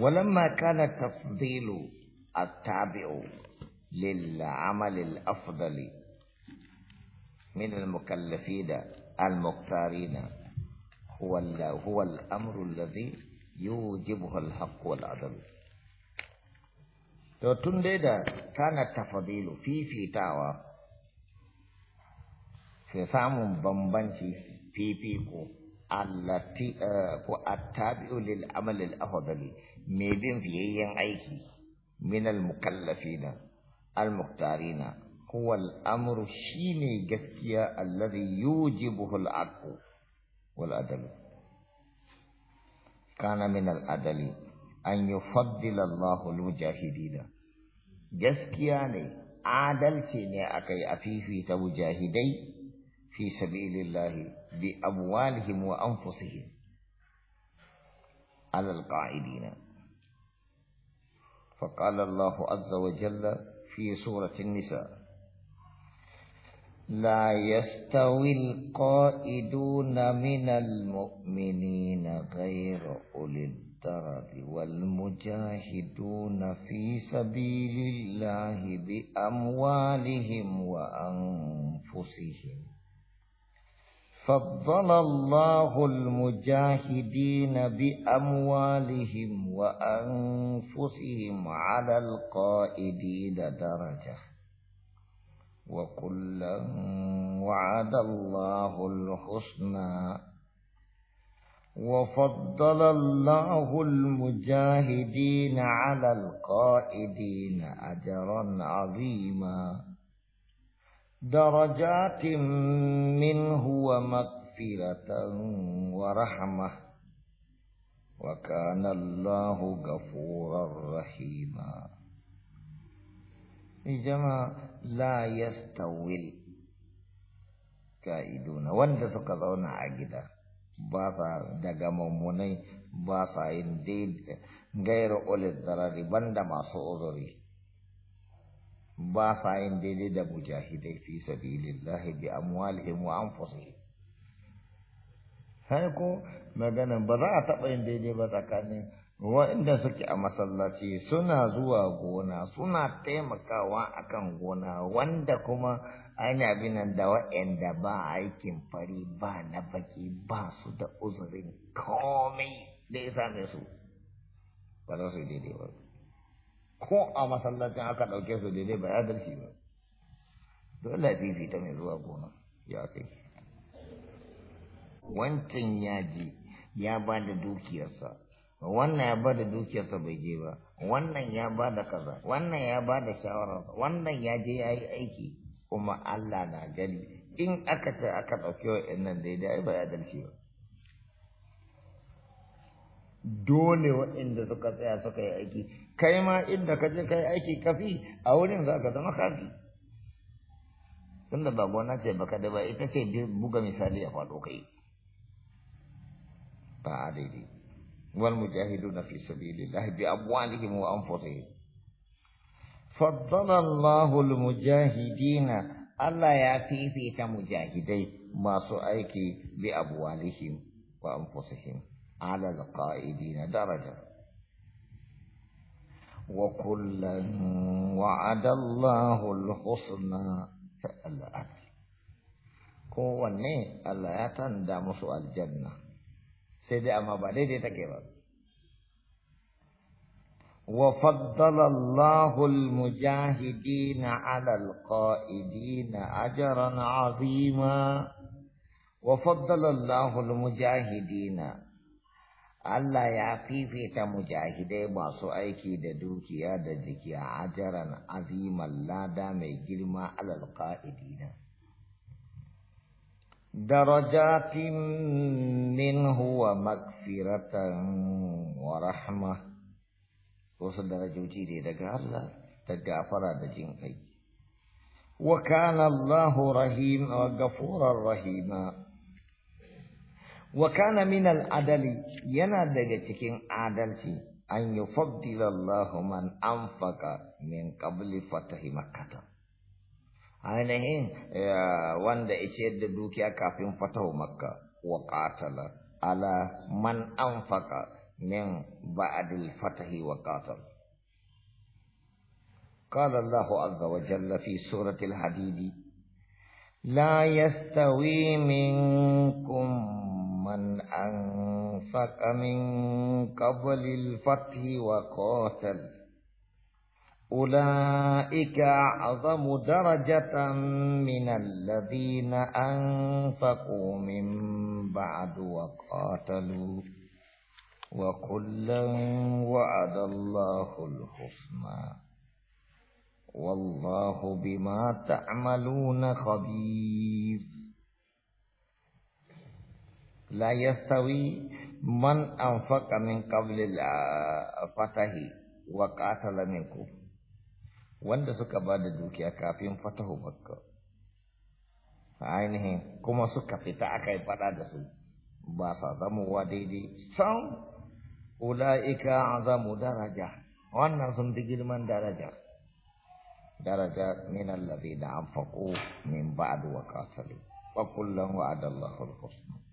ولما كان تفضيل التابع للعمل الأفضل من المكلفين المختارين هو هو الأمر الذي يوجبه الحق والعدل كان التفضيل في في تاوى في سامو sai في في كو allati ko attabi'u lil amal al afdali me bin biyayyen aiki min al mukallafina al muqtarina huwa al amru shine gaskiya alladhi yujibuhu al aqu wal adal kana min al adali an yufaddila Allah al mujahidina gaskiya ne adalci ne akai a fifita mujahidai fi sabilillahi بأموالهم وأنفسهم على القاعدين فقال الله عز وجل في سورة النساء لا يستوي القائدون من المؤمنين غير أولي الضرر والمجاهدون في سبيل الله بأموالهم وأنفسهم فضل الله المجاهدين بأموالهم وأنفسهم على القائدين درجة وكلا وعد الله الحسنى وفضل الله المجاهدين على القائدين أجرا عظيما درجات منه ومغفرة ورحمة وكان الله غفورا رحيما إيه جماعة لا يستوي الكائدون وانت سكتون عقدا باسا دقا مموني باسا انديد غير أولي الضرر بند ما سؤذري ba sa yin daidai da mujahidai fi sabilillahi bi amwalihim wa anfusihim sai ko magana ba za a taɓa yin daidai ba tsakanin waɗanda suke a masallaci suna zuwa gona suna taimakawa akan gona wanda kuma ana binan da waɗanda ba aikin fari ba na baki ba su da uzurin komai da ya same su ba za su yi daidai ba ko a masallacin aka ɗauke su daidai ba ya dalci ba dole ta mai zuwa gona ya kai wancan ya je ya ba da dukiyarsa wannan ya ba da dukiyarsa bai je ba wannan ya ba da kaza wannan ya ba da shawararsa wannan ya je ya yi aiki kuma allah na gani in aka ce aka ɗauke wa nan daidai ba ya dalci ba dole waɗanda suka tsaya suka yi aiki kai ma inda ka je ka yi aiki kafi a wurin za ka zama kafi tunda ba gona ce ba kada ba ita ce buga misali ya faɗo kai ba a daidai wal na fi sabilillahi bi amwalihim wa anfusihim faddala Allahul mujahidina Allah ya fifita mujahidai masu aiki bi abwalihim wa anfusihim على القائدين درجة وكلا وعد الله الحسنى فالآن هو ني الآن دامس الجنة سيدي أما بعدين تكبر وفضل الله المجاهدين على القائدين أجرا عظيما وفضل الله المجاهدين Allah ya fifita mujahidai masu aiki da dukiya da jiki a ajaran aziman lada mai girma alal ka'idina. Darajatin min wa makfiratan wa rahma wasu darajoji ne daga Allah da gafara da jin kai. Wa kana Allahu rahim wa gafurar rahima. wa kana min al-adali yana daga cikin adalci an yufaddila Allah man anfaqa min qabli fatahi makkah ainihin wanda ishe da dukiya kafin fatahu makka wa qatala ala man anfaqa min ba'dil fatahi wa qatala قال الله عز وجل في سورة الحديد لا يستوي منكم من أنفق من قبل الفتح وقاتل أولئك أعظم درجة من الذين أنفقوا من بعد وقاتلوا وكلا وعد الله الحسنى والله بما تعملون خبير لا يستوي من أنفق من قبل الفتح وقاتل منكم wanda suka ba da dukiya kafin fatahu makka ainihin kuma suka fita aka yi fada da su ba sa zamowa daidai san ula'ika azamu daraja wannan sun fi girman daraja daraja min allazi da anfaqu min ba'd wa qatalu wa kullan wa'ada al-husna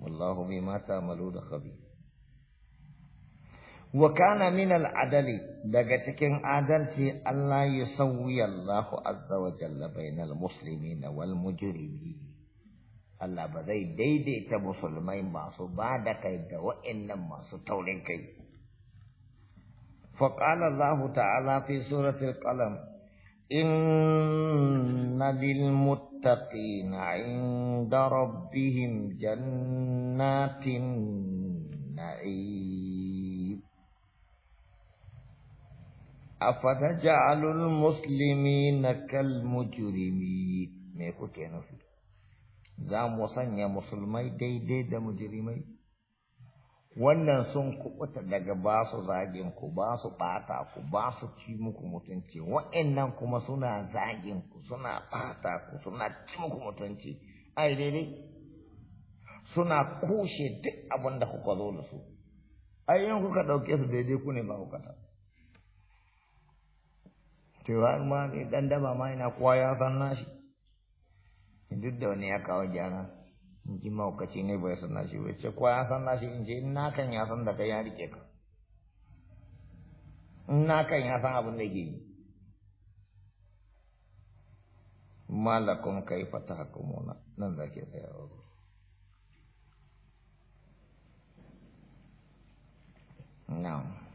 والله بما تعملون خبير وكان من العدل daga cikin adalci Allah ya sauya Allah azza wa jalla bainal muslimin wal mujrimin Allah ba zai daidaita musulmai masu ba da kai da wa'annan masu taurin kai فقال الله تعالى في سورة القلم إن أن للمتقين عند ربهم جنات النعيم أفنجعل المسلمين كالمجرمين ميكو كينو في زام وصنع مسلمي دي دي دا مجرمي wannan sun kubuta daga ba su zagin ku ba su bata ku ba su ci muku mutunci wa'annan kuma suna zagin ku suna bata ku suna ci muku mutunci ai daidai suna kushe duk abin da kuka zo da su ai yin kuka dauke su daidai ku ne ba kuka ta cewa ma ni dan daba ma ina kowa ya san nashi duk da wani ya kawo gyara in ji maukaci ne bai san nashi bai ce ko ya san nashi oh. in je na kan ya san da kai ya rike ka na kan ya san abin da yake yi malakum kai fata hakumuna nan da ke tsayawa Now.